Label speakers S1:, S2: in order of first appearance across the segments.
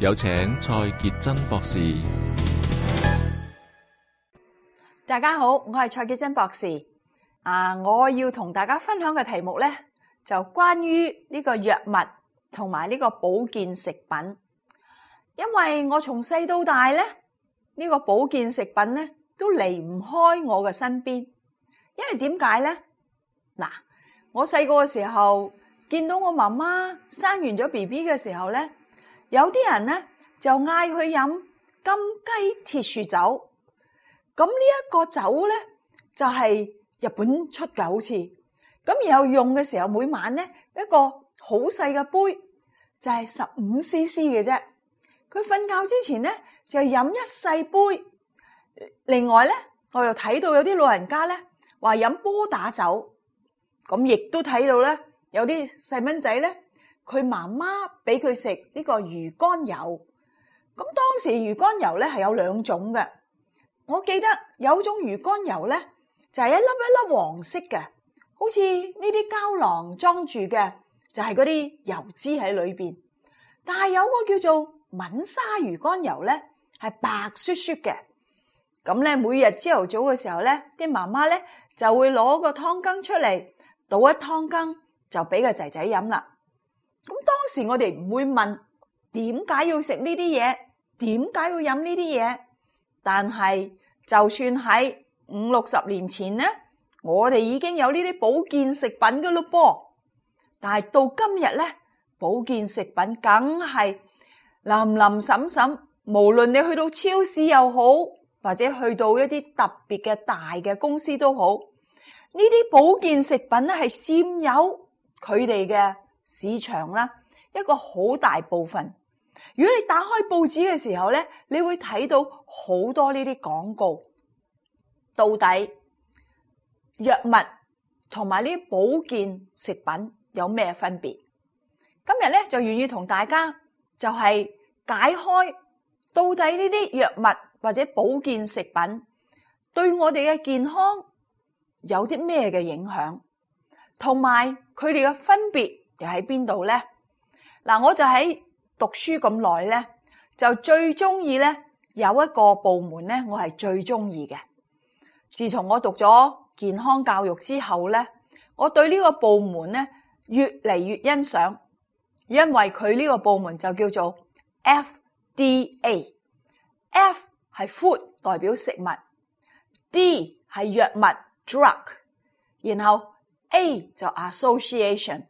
S1: 有請蔡潔貞博士。
S2: 大家好，我係蔡潔貞博士。啊，我要同大家分享嘅題目咧，就關於呢個藥物同埋呢個保健食品。因為我從細到大咧，呢個保健食品咧都離唔開我嘅身邊。因為點解咧？嗱，我細個嘅時候見到我媽媽生完咗 BB 嘅時候咧。有啲人咧就嗌佢飲金雞鐵樹酒，咁呢一個酒咧就係日本出嘅好似，咁然後用嘅時候每晚咧一個好細嘅杯就係十五 CC 嘅啫，佢瞓覺之前咧就飲一細杯。另外咧我又睇到有啲老人家咧話飲波打酒，咁亦都睇到咧有啲細蚊仔咧。佢媽媽俾佢食呢個魚肝油。咁當時魚肝油呢,係有兩種嘅。我記得有種魚肝油呢,就係一粒一粒黃色嘅。好似呢啲膠囊裝住嘅,就係嗰啲油脂喺裏面。但係有個叫做敏沙魚肝油呢,係白雪雪嘅。咁呢,每日朝頭早嘅時候呢,啲媽媽呢,就會攞個湯羹出嚟,倒一湯羹,就俾個仔仔飲啦。咁當時我哋唔會問點解要食呢啲嘢，點解要飲呢啲嘢？但係就算喺五六十年前咧，我哋已經有呢啲保健食品噶咯噃。但係到今日咧，保健食品梗係林林沈沈，無論你去到超市又好，或者去到一啲特別嘅大嘅公司都好，呢啲保健食品咧係佔有佢哋嘅市場啦，一個好大部分。如果你打開報紙嘅時候咧，你會睇到好多呢啲廣告。到底藥物同埋呢啲保健食品有咩分別？今日咧就願意同大家就係解開到底呢啲藥物或者保健食品對我哋嘅健康有啲咩嘅影響，同埋佢哋嘅分別。又喺邊度咧？嗱，我就喺讀書咁耐咧，就最中意咧有一個部門咧，我係最中意嘅。自從我讀咗健康教育之後咧，我對呢個部門咧越嚟越欣賞，因為佢呢個部門就叫做 FDA, F D A。F 係 food，代表食物；D 係藥物 （drug），然後 A 就 association。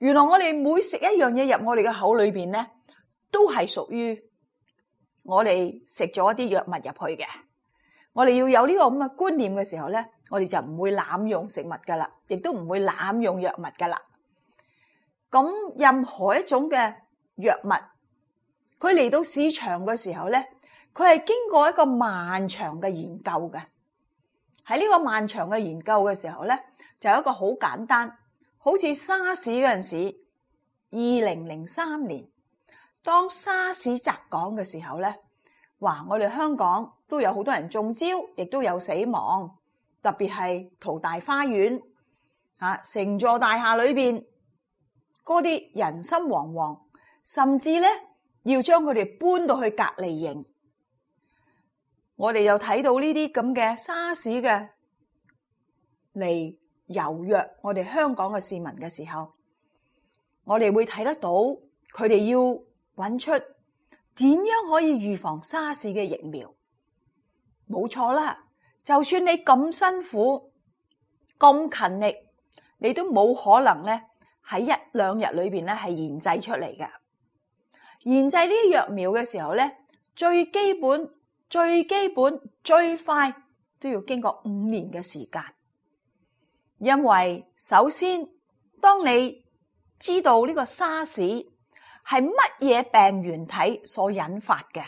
S2: 原來我哋每食一樣嘢入我哋嘅口裏邊咧，都係屬於我哋食咗一啲藥物入去嘅。我哋要有呢個咁嘅觀念嘅時候咧，我哋就唔會濫用食物噶啦，亦都唔會濫用藥物噶啦。咁任何一種嘅藥物，佢嚟到市場嘅時候咧，佢係經過一個漫長嘅研究嘅。喺呢個漫長嘅研究嘅時候咧，就有一個好簡單。好似沙士嗰陣時，二零零三年當沙士襲港嘅時候咧，哇！我哋香港都有好多人中招，亦都有死亡，特別係淘大花園啊，成座大廈裏邊嗰啲人心惶惶，甚至咧要將佢哋搬到去隔離營。我哋又睇到呢啲咁嘅沙士嘅嚟。由約我哋香港嘅市民嘅時候，我哋會睇得到佢哋要揾出點樣可以預防沙士嘅疫苗，冇錯啦。就算你咁辛苦、咁勤力，你都冇可能咧喺一兩日裏邊咧係研製出嚟㗎。研製呢啲藥苗嘅時候咧，最基本、最基本、最快都要經過五年嘅時間。因為首先，當你知道呢個沙士係乜嘢病原體所引發嘅，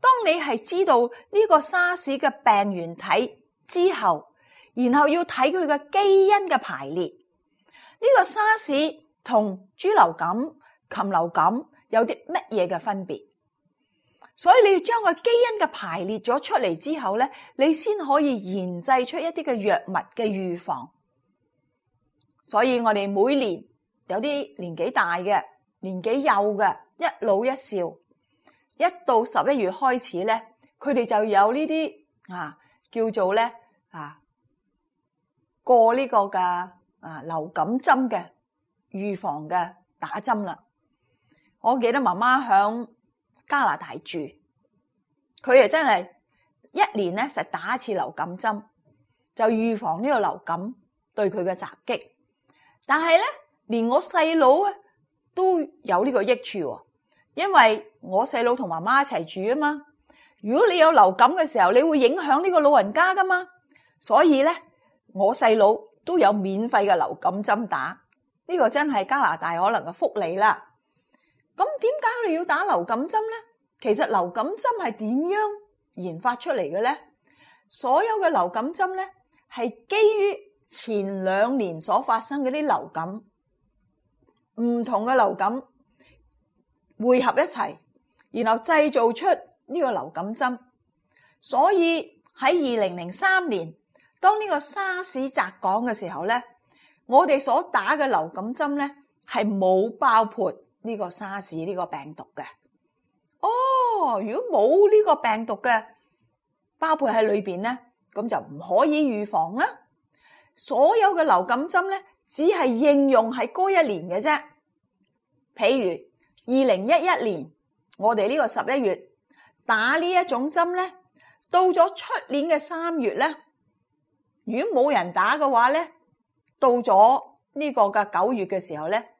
S2: 當你係知道呢個沙士嘅病原體之後，然後要睇佢嘅基因嘅排列，呢個沙士同豬流感、禽流感有啲乜嘢嘅分別？所以你要將個基因嘅排列咗出嚟之後咧，你先可以研製出一啲嘅藥物嘅預防。所以我哋每年有啲年紀大嘅、年紀幼嘅，一老一少，一到十一月開始咧，佢哋就有呢啲啊叫做咧啊過呢個嘅啊流感針嘅預防嘅打針啦。我記得媽媽響。加拿大住，佢，誒，真係一年咧實打一次流感針，就預防呢個流感對佢嘅襲擊。但係咧，連我細佬啊都有呢個益處，因為我細佬同媽媽一齊住啊嘛。如果你有流感嘅時候，你會影響呢個老人家噶嘛，所以咧我細佬都有免費嘅流感針打，呢個真係加拿大可能嘅福利啦。咁點解我哋要打流感針呢？其實流感針係點樣研發出嚟嘅呢？所有嘅流感針呢係基於前兩年所發生嗰啲流感唔同嘅流感匯合一齊，然後製造出呢個流感針。所以喺二零零三年，當呢個沙士襲港嘅時候呢，我哋所打嘅流感針呢係冇爆潑。呢個沙士，呢個病毒嘅，哦，如果冇呢個病毒嘅包括喺裏邊咧，咁就唔可以預防啦。所有嘅流感針咧，只係應用喺嗰一年嘅啫。譬如二零一一年，我哋呢個十一月打呢一種針咧，到咗出年嘅三月咧，如果冇人打嘅話咧，到咗呢個嘅九月嘅時候咧。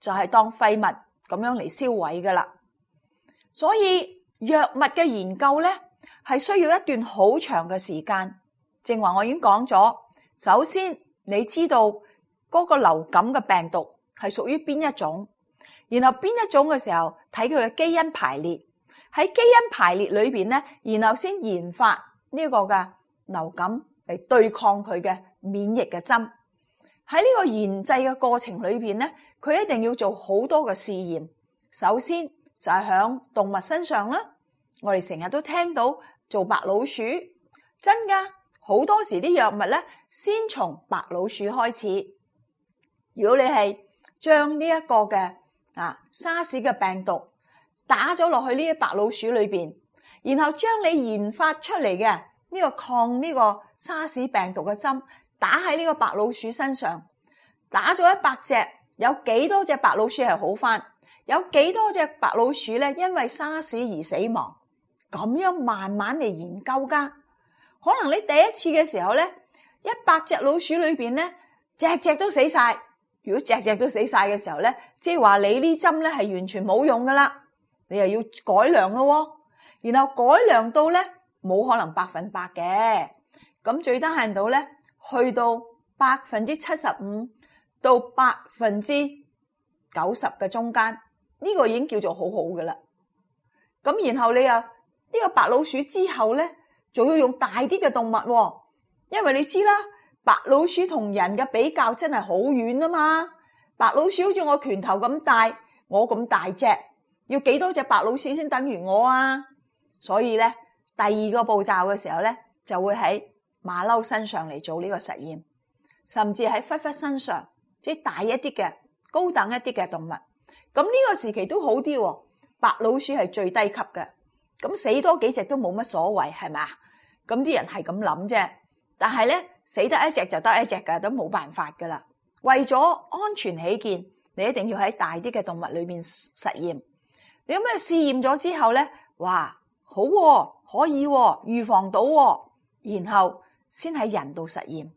S2: 就係、是、當廢物咁樣嚟銷毀噶啦，所以藥物嘅研究咧係需要一段好長嘅時間。正話我已經講咗，首先你知道嗰個流感嘅病毒係屬於邊一種，然後邊一種嘅時候睇佢嘅基因排列，喺基因排列裏邊咧，然後先研發呢個嘅流感嚟對抗佢嘅免疫嘅針。喺呢個研製嘅過程裏邊咧。佢一定要做好多嘅試驗，首先就係響動物身上啦。我哋成日都聽到做白老鼠，真噶好多時啲藥物咧，先從白老鼠開始。如果你係將呢一個嘅啊沙士嘅病毒打咗落去呢啲白老鼠裏邊，然後將你研發出嚟嘅呢個抗呢個沙士病毒嘅針打喺呢個白老鼠身上，打咗一百隻。有幾多隻白老鼠係好返？有幾多隻白老鼠咧，因為沙士而死亡？咁樣慢慢嚟研究噶。可能你第一次嘅時候咧，一百隻老鼠裏邊咧，隻隻都死晒。如果隻隻都死晒嘅時候咧，即係話你呢針咧係完全冇用噶啦。你又要改良咯。然後改良到咧，冇可能百分百嘅。咁最低限度咧，去到百分之七十五。到百分之九十嘅中間，呢個已經叫做好好嘅啦。咁然後你呀，呢個白老鼠之後咧，仲要用大啲嘅動物喎，因為你知啦，白老鼠同人嘅比較真係好遠啊嘛。白老鼠好似我拳頭咁大，我咁大隻，要幾多隻白老鼠先等於我啊？所以咧，第二個步驟嘅時候咧，就會喺馬騮身上嚟做呢個實驗，甚至喺狒狒身上。即係大一啲嘅，高等一啲嘅動物，咁呢個時期都好啲喎。白老鼠係最低級嘅，咁死多幾隻都冇乜所謂，係咪？咁啲人係咁諗啫。但係咧，死得一隻就得一隻噶，都冇辦法噶啦。為咗安全起見，你一定要喺大啲嘅動物裏面實驗。你咁樣試驗咗之後咧，哇，好喎，可以喎，預防到喎，然後先喺人度實驗。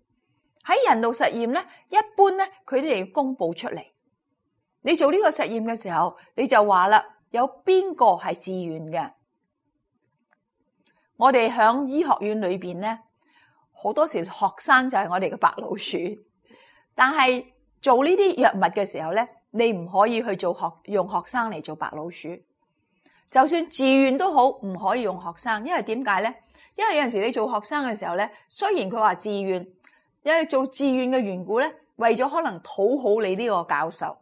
S2: 喺人道實驗咧，一般咧，佢哋要公布出嚟。你做呢個實驗嘅時候，你就話啦，有邊個係自願嘅？我哋響醫學院裏邊咧，好多時學生就係我哋嘅白老鼠。但係做呢啲藥物嘅時候咧，你唔可以去做學用學生嚟做白老鼠。就算自願都好，唔可以用學生，因為點解咧？因為有陣時你做學生嘅時候咧，雖然佢話自願。因為做志願嘅緣故咧，為咗可能討好你呢個教授，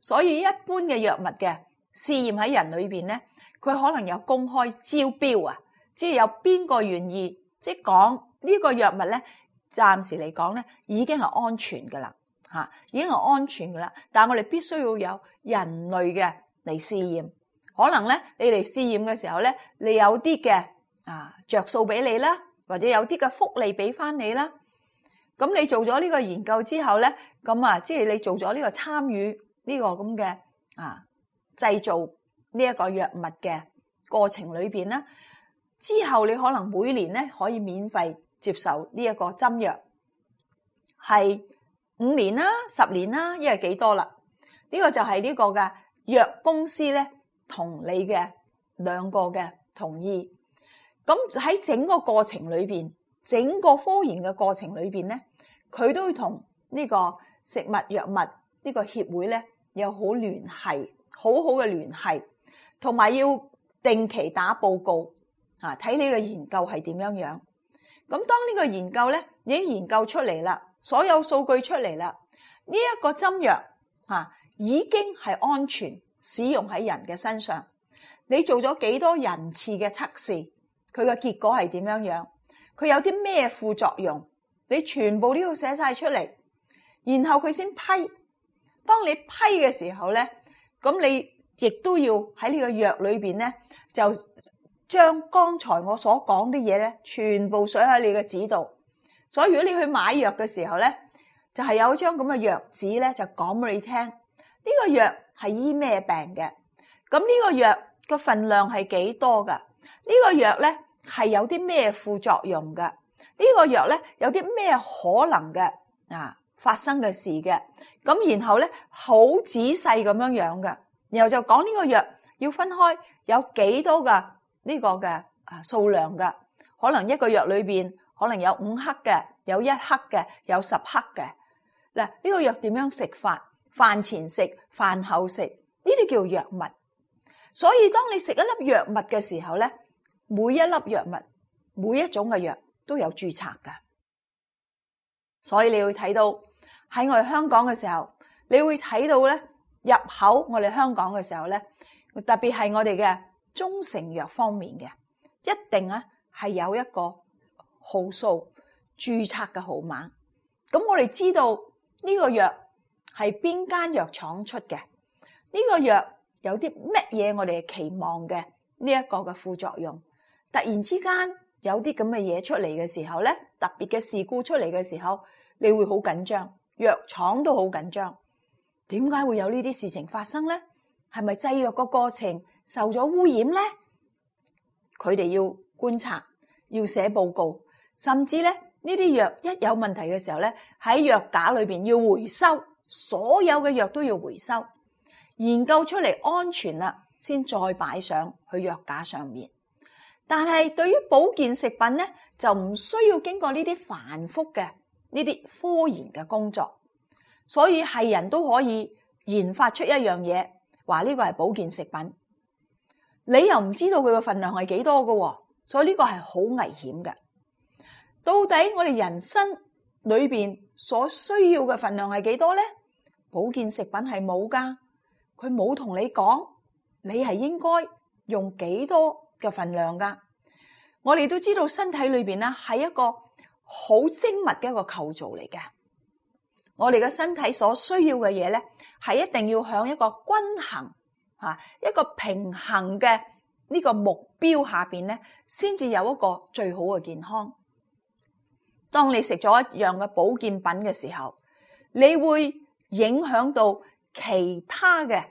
S2: 所以一般嘅藥物嘅試驗喺人裏邊咧，佢可能有公開招標啊，即係有邊個願意，即係講呢個藥物咧，暫時嚟講咧已經係安全噶啦，吓、啊、已經係安全噶啦。但係我哋必須要有人類嘅嚟試驗，可能咧你嚟試驗嘅時候咧，你有啲嘅啊着數俾你啦，或者有啲嘅福利俾翻你啦。咁你做咗呢個研究之後咧，咁啊，即係你做咗呢個參與呢個咁嘅啊製造呢一個藥物嘅過程裏邊啦，之後你可能每年咧可以免費接受呢一個針藥，係五年啦、十年啦，一係幾多啦？呢個就係呢個嘅藥公司咧同你嘅兩個嘅同意。咁喺整個過程裏邊，整個科研嘅過程裏邊咧。佢都同呢個食物藥物呢個協會呢有好聯繫，好好嘅聯繫，同埋要定期打報告啊，睇你嘅研究係點樣樣。咁當呢個研究呢已經研究出嚟啦，所有數據出嚟啦，呢一個針藥已經係安全使用喺人嘅身上。你做咗幾多人次嘅測試？佢嘅結果係點樣樣？佢有啲咩副作用？你全部都要寫晒出嚟，然後佢先批。當你批嘅時候咧，咁你亦都要喺呢個藥裏面咧，就將剛才我所講啲嘢咧，全部寫喺你嘅紙度。所以如果你去買藥嘅時候咧，就係有張咁嘅藥紙咧，就講俾你聽。呢個藥係醫咩病嘅？咁呢個藥嘅分量係幾多㗎？呢個藥咧係有啲咩副作用㗎？呢個藥咧有啲咩可能嘅啊？發生嘅事嘅咁，然後咧好仔細咁樣樣嘅，然後就講呢個藥要分開有幾多嘅呢個嘅啊數量嘅，可能一個藥裏面可能有五克嘅，有一克嘅，有十克嘅嗱。呢個藥點樣食法？飯前食，飯後食，呢啲叫藥物。所以當你食一粒藥物嘅時候咧，每一粒藥物每一種嘅藥。都有註冊噶，所以你會睇到喺我哋香港嘅時候，你會睇到咧，入口我哋香港嘅時候咧，特別係我哋嘅中成藥方面嘅，一定咧係有一個號數註冊嘅號碼。咁我哋知道呢個藥係邊間藥廠出嘅，呢個藥有啲乜嘢我哋期望嘅呢一個嘅副作用，突然之間。有啲咁嘅嘢出嚟嘅時候呢，特別嘅事故出嚟嘅時候，你會好緊張，藥廠都好緊張。點解會有呢啲事情發生呢？係咪製藥個過程受咗污染呢？佢哋要觀察，要寫報告，甚至呢呢啲藥一有問題嘅時候呢，喺藥架裏邊要回收，所有嘅藥都要回收，研究出嚟安全啦，先再擺上去藥架上面。但係對於保健食品咧，就唔需要經過呢啲繁複嘅呢啲科研嘅工作，所以係人都可以研發出一樣嘢，話呢個係保健食品。你又唔知道佢嘅份量係幾多嘅，所以呢個係好危險嘅。到底我哋人生裏邊所需要嘅份量係幾多呢？保健食品係冇噶，佢冇同你講，你係應該用幾多？嘅份量噶，我哋都知道身體裏邊咧，係一個好精密嘅一個構造嚟嘅。我哋嘅身體所需要嘅嘢咧，係一定要響一個均衡一個平衡嘅呢個目標下邊咧，先至有一個最好嘅健康。當你食咗一樣嘅保健品嘅時候，你會影響到其他嘅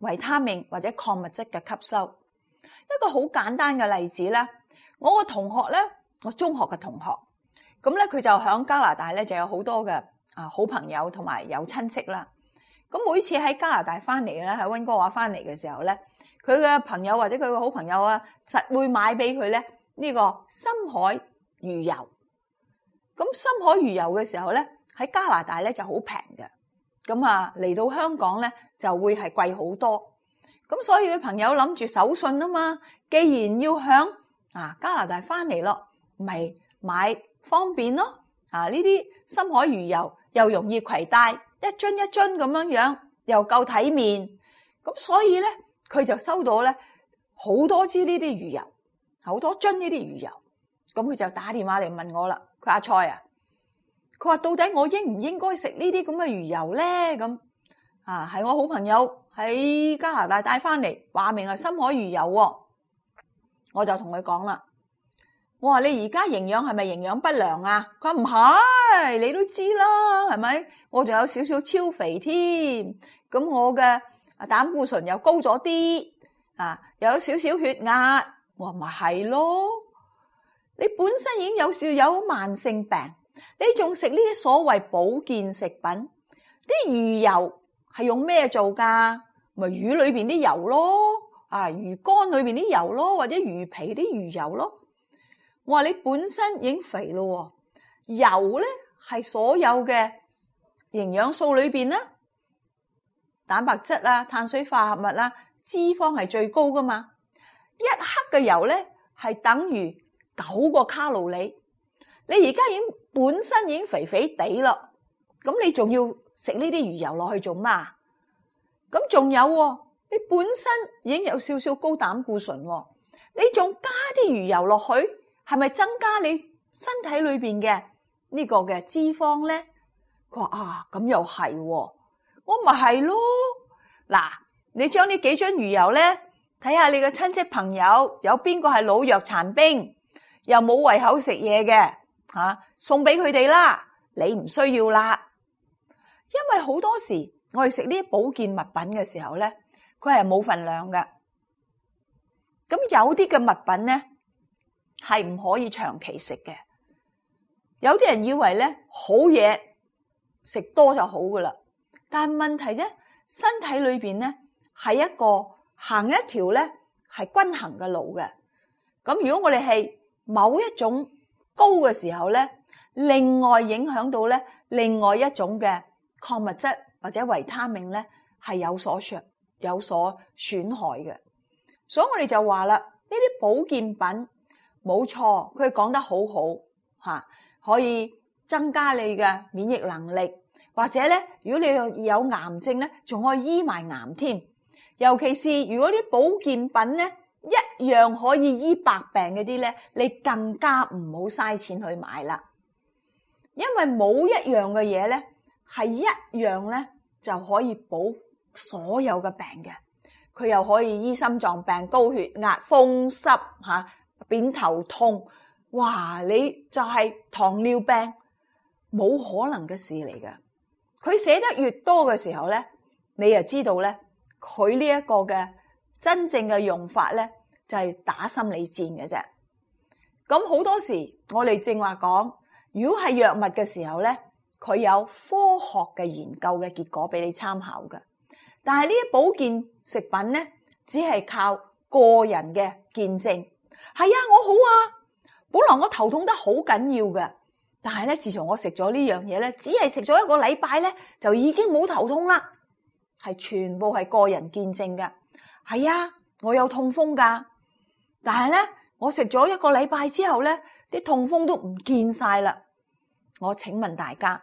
S2: 維他命或者礦物質嘅吸收。一個好簡單嘅例子咧，我個同學咧，我中學嘅同學，咁咧佢就喺加拿大咧就有好多嘅，啊好朋友同埋有親戚啦。咁每次喺加拿大翻嚟咧，喺溫哥華翻嚟嘅時候咧，佢嘅朋友或者佢嘅好朋友啊，實會買俾佢咧呢個深海魚油。咁深海魚油嘅時候咧，喺加拿大咧就好平嘅，咁啊嚟到香港咧就會係貴好多。咁所以佢朋友諗住手信啊嘛，既然要響啊加拿大翻嚟咯，咪買方便咯。啊呢啲深海魚油又容易攜帶，一樽一樽咁樣樣，又夠體面。咁所以咧，佢就收到咧好多支呢啲魚油，好多樽呢啲魚油。咁佢就打電話嚟問我啦。佢阿蔡啊，佢話到底我應唔應該食呢啲咁嘅魚油咧？咁。啊，係我好朋友喺加拿大帶翻嚟，話明係深海魚油啊。我就同佢講啦，我話你而家營養係咪營養不良啊？佢唔係，你都知啦，係咪？我仲有少少超肥添，咁我嘅啊膽固醇又高咗啲啊，又有少少血壓。我話咪係咯，你本身已經有少有慢性病，你仲食呢啲所謂保健食品啲魚油？係用咩做噶？咪、就是、魚裏邊啲油咯，啊魚肝裏邊啲油咯，或者魚皮啲魚油咯。我話你本身已經肥咯，油咧係所有嘅營養素裏邊咧，蛋白質啦、啊、碳水化合物啦、啊、脂肪係最高噶嘛。一克嘅油咧係等於九個卡路里。你而家已經本身已經肥肥地啦，咁你仲要？食呢啲魚油落去做咩？咁仲有喎，你本身已經有少少高膽固醇，你仲加啲魚油落去，係咪增加你身體裏邊嘅呢個嘅脂肪咧？佢話啊，咁又係，我咪係咯。嗱，你將呢幾樽魚油咧，睇下你嘅親戚朋友有邊個係老弱殘兵，又冇胃口食嘢嘅吓，送俾佢哋啦，你唔需要啦。因為好多時我哋食呢啲保健物品嘅時候咧，佢係冇份量嘅。咁有啲嘅物品咧係唔可以長期食嘅。有啲人以為咧，好嘢食多就好㗎喇，但係問題啫，身體裏邊咧係一個行一條咧係均衡嘅路嘅。咁如果我哋係某一種高嘅時候咧，另外影響到咧另外一種嘅。礦物質或者維他命咧，係有所削有所損害嘅，所以我哋就話啦，呢啲保健品冇錯，佢講得好好吓，可以增加你嘅免疫能力，或者咧，如果你有癌症咧，仲可以醫埋癌添。尤其是如果啲保健品咧，一樣可以醫百病嘅啲咧，你更加唔好嘥錢去買啦，因為冇一樣嘅嘢咧。係一樣咧，就可以補所有嘅病嘅。佢又可以醫心臟病、高血壓、風濕吓、啊、扁頭痛。哇！你就係糖尿病，冇可能嘅事嚟嘅。佢寫得越多嘅時候咧，你又知道咧，佢呢一個嘅真正嘅用法咧，就係、是、打心理戰嘅啫。咁好多時我哋正話講，如果係藥物嘅時候咧。佢有科學嘅研究嘅結果俾你參考嘅，但係呢啲保健食品呢，只係靠個人嘅見證。係啊，我好啊，本來我頭痛得好緊要嘅，但係呢，自從我食咗呢樣嘢呢，只係食咗一個禮拜呢，就已經冇頭痛啦。係全部係個人見證嘅。係啊，我有痛風噶，但係呢，我食咗一個禮拜之後呢，啲痛風都唔見晒啦。我請問大家。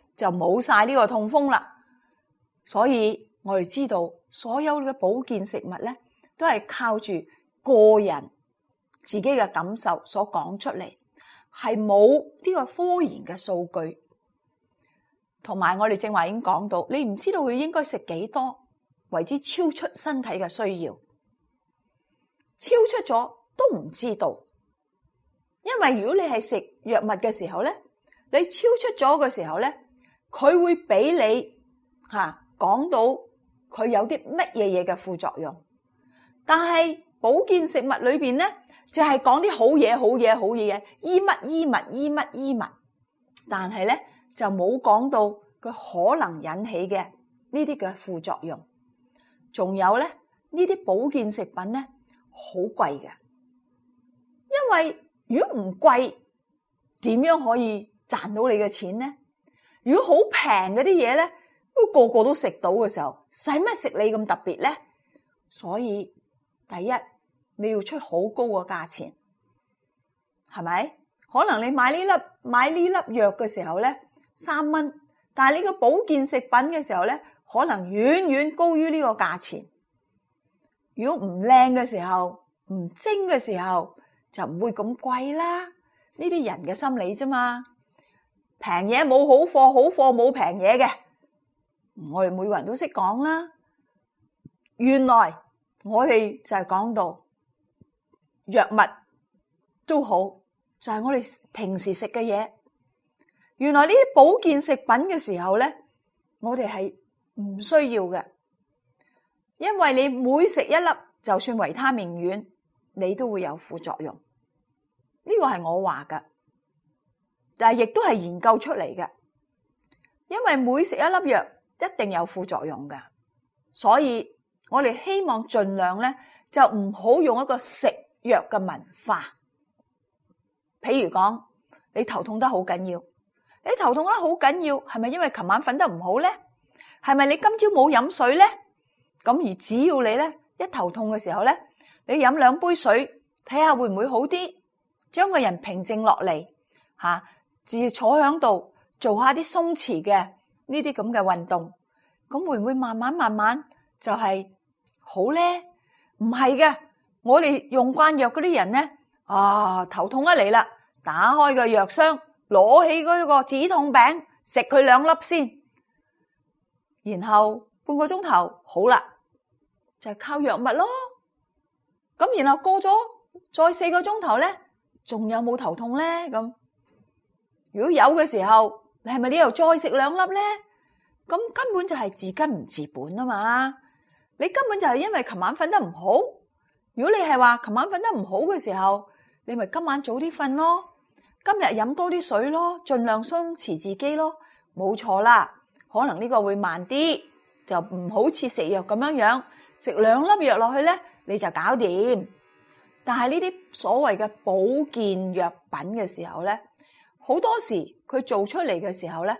S2: 就冇曬呢個痛風啦，所以我哋知道，所有嘅保健食物咧，都係靠住個人自己嘅感受所講出嚟，係冇呢個科研嘅數據。同埋我哋正話已經講到，你唔知道佢應該食幾多，為之超出身體嘅需要，超出咗都唔知道，因為如果你係食藥物嘅時候咧，你超出咗嘅時候咧。佢會俾你吓講到佢有啲乜嘢嘢嘅副作用，但係保健食物裏邊咧就係講啲好嘢、好嘢、好嘢嘢，醫乜醫物，醫乜醫物。但係咧就冇講到佢可能引起嘅呢啲嘅副作用。仲有咧，呢啲保健食品咧好貴嘅，因為如果唔貴，點樣可以賺到你嘅錢呢？如果好平嗰啲嘢咧，都個個都食到嘅時候，使乜食你咁特別咧？所以第一你要出好高嘅價錢，係咪？可能你買呢粒買呢粒藥嘅時候咧三蚊，但係你個保健食品嘅時候咧，可能遠遠高於呢個價錢。如果唔靚嘅時候，唔精嘅時候，就唔會咁貴啦。呢啲人嘅心理啫嘛。平嘢冇好貨，好貨冇平嘢嘅，我哋每個人都識講啦。原來我哋就係講到藥物都好，就係我哋平時食嘅嘢。原來呢啲保健食品嘅時候咧，我哋係唔需要嘅，因為你每食一粒，就算維他命丸，你都會有副作用。呢個係我話噶。但係亦都係研究出嚟嘅，因為每食一粒藥一定有副作用㗎，所以我哋希望盡量咧就唔好用一個食藥嘅文化。譬如講，你頭痛得好緊要，你頭痛得好緊要，係咪因為琴晚瞓得唔好咧？係咪你今朝冇飲水咧？咁而只要你咧一頭痛嘅時候咧，你飲兩杯水，睇下會唔會好啲，將個人平靜落嚟吓。自坐喺度做一下啲鬆弛嘅呢啲咁嘅運動，咁會唔會慢慢慢慢就係好咧？唔係嘅，我哋用慣藥嗰啲人咧，啊頭痛一嚟啦，打開個藥箱，攞起嗰個止痛餅，食佢兩粒先，然後半個鐘頭，好啦，就係、是、靠藥物咯。咁然後過咗再四個鐘頭咧，仲有冇頭痛咧？咁。如果有嘅時候，你係咪你又再食兩粒呢？咁根本就係治根唔治本啊嘛。你根本就係因為琴晚瞓得唔好。如果你係話琴晚瞓得唔好嘅時候，你咪今晚早啲瞓咯，今日飲多啲水咯，盡量鬆弛自己咯，冇錯啦。可能呢個會慢啲，就唔好似食藥咁樣樣食兩粒藥落去呢，你就搞掂。但係呢啲所謂嘅保健藥品嘅時候呢。好多時佢做出嚟嘅時候咧，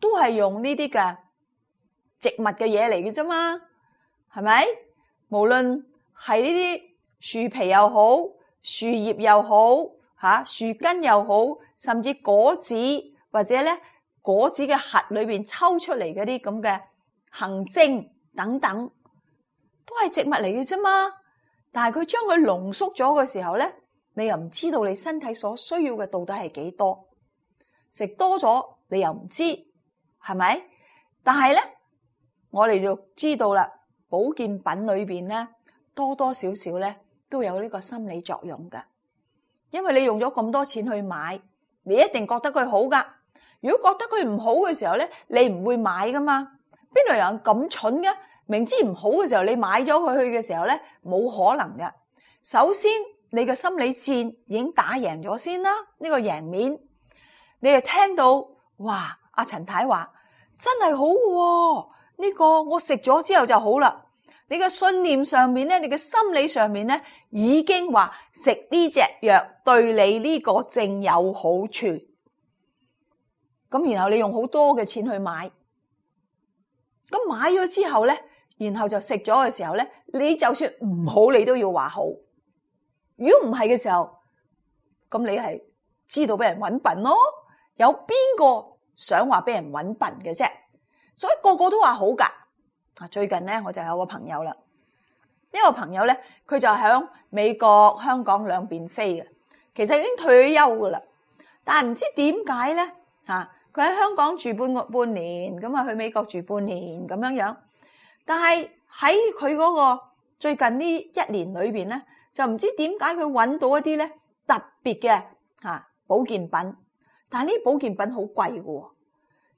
S2: 都係用呢啲嘅植物嘅嘢嚟嘅啫嘛，係咪？無論係呢啲樹皮又好，樹葉又好，吓樹根又好，甚至果子或者咧，果子嘅核裏邊抽出嚟嗰啲咁嘅行精等等，都係植物嚟嘅啫嘛。但係佢將佢濃縮咗嘅時候咧，你又唔知道你身體所需要嘅到底係幾多。食多咗你又唔知，係咪？但係咧，我哋就知道啦。保健品裏邊咧，多多少少咧都有呢個心理作用噶。因為你用咗咁多錢去買，你一定覺得佢好噶。如果覺得佢唔好嘅時候咧，你唔會買噶嘛。邊度有人咁蠢嘅？明知唔好嘅時候你買咗佢去嘅時候咧，冇可能嘅。首先，你嘅心理戰已經打贏咗先啦，呢個贏面。你就聽到哇？阿陳太話真係好喎、啊，呢、這個我食咗之後就好啦。你嘅信念上面咧，你嘅心理上面咧，已經話食呢隻藥對你呢個症有好處。咁然後你用好多嘅錢去買，咁買咗之後咧，然後就食咗嘅時候咧，你就算唔好，好，你都要話好。如果唔係嘅時候，咁你係知道俾人揾笨咯。有邊個想話俾人揾笨嘅啫？所以個個都話好噶。啊，最近咧我就有個朋友啦，呢個朋友咧佢就響美國、香港兩邊飛嘅。其實已經退休噶啦，但係唔知點解咧吓佢喺香港住半個半年咁啊，去美國住半年咁樣樣。但係喺佢嗰個最近呢一年裏邊咧，就唔知點解佢揾到一啲咧特別嘅吓保健品。但呢啲保健品好貴喎，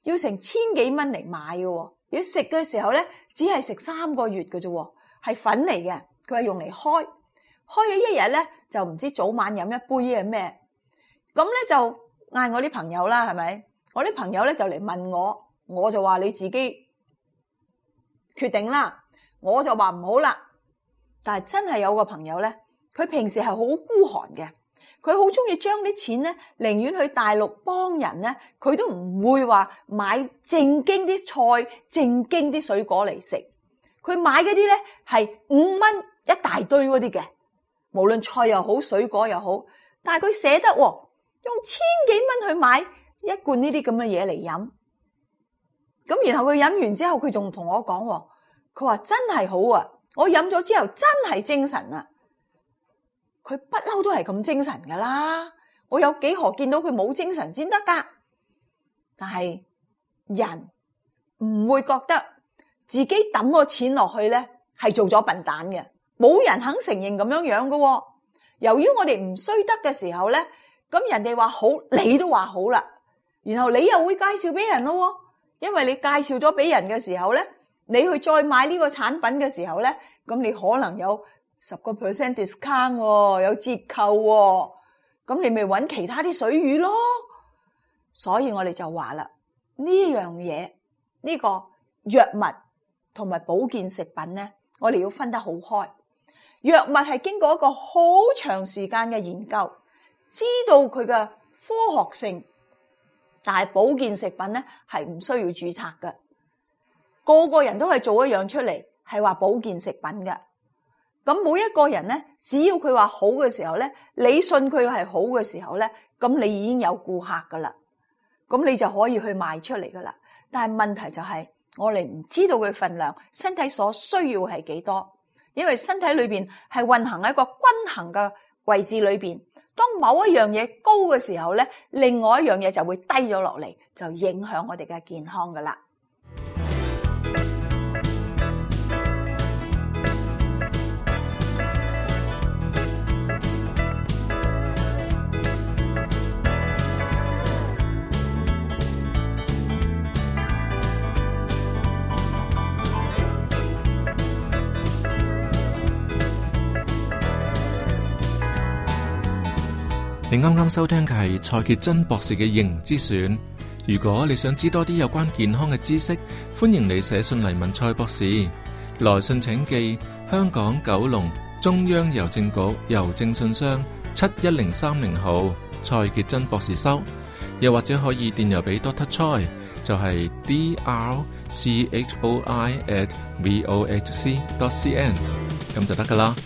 S2: 要成千幾蚊嚟買嘅。如果食嘅時候咧，只係食三個月嘅啫，係粉嚟嘅，佢係用嚟開，開咗一日咧就唔知早晚飲一杯係咩。咁咧就嗌我啲朋友啦，係咪？我啲朋友咧就嚟問我，我就話你自己決定啦。我就話唔好啦。但係真係有個朋友咧，佢平時係好孤寒嘅。佢好中意將啲錢咧，寧願去大陸幫人咧，佢都唔會話買正經啲菜、正經啲水果嚟食。佢買嗰啲咧係五蚊一大堆嗰啲嘅，無論菜又好、水果又好。但係佢捨得喎，用千幾蚊去買一罐呢啲咁嘅嘢嚟飲。咁然後佢飲完之後，佢仲同我講，佢話真係好啊！我飲咗之後真係精神啊！佢不嬲都係咁精神噶啦，我有幾何見到佢冇精神先得噶？但係人唔會覺得自己抌個錢落去呢係做咗笨蛋嘅，冇人肯承認咁樣樣喎。由於我哋唔衰得嘅時候呢，咁人哋話好，你都話好啦，然後你又會介紹俾人咯，因為你介紹咗俾人嘅時候呢，你去再買呢個產品嘅時候呢，咁你可能有。十個 percent discount 喎，有折扣喎，哦，咁你咪揾其他啲水魚咯。所以我哋就話啦，呢樣嘢呢個藥物同埋保健食品呢，我哋要分得好開。藥物係經過一個好長時間嘅研究，知道佢嘅科學性。但係保健食品呢，係唔需要註冊嘅。個個人都係做一樣出嚟，係話保健食品嘅。咁每一個人咧，只要佢話好嘅時候咧，你信佢係好嘅時候咧，咁你已經有顧客噶啦，咁你就可以去賣出嚟噶啦。但係問題就係，我哋唔知道佢份量、身體所需要係幾多，因為身體裏邊係運行喺一個均衡嘅位置裏邊。當某一樣嘢高嘅時候咧，另外一樣嘢就會低咗落嚟，就影響我哋嘅健康噶啦。
S1: 啱啱收聽嘅係蔡潔真博士嘅營之選。如果你想知多啲有關健康嘅知識，歡迎你寫信嚟問蔡博士。來信請寄香港九龍中央郵政局郵政信箱七一零三零號蔡潔真博士收。又或者可以電郵俾 Doctor Choi，就係 D R C H O I at V O H C dot C N，咁就得噶啦。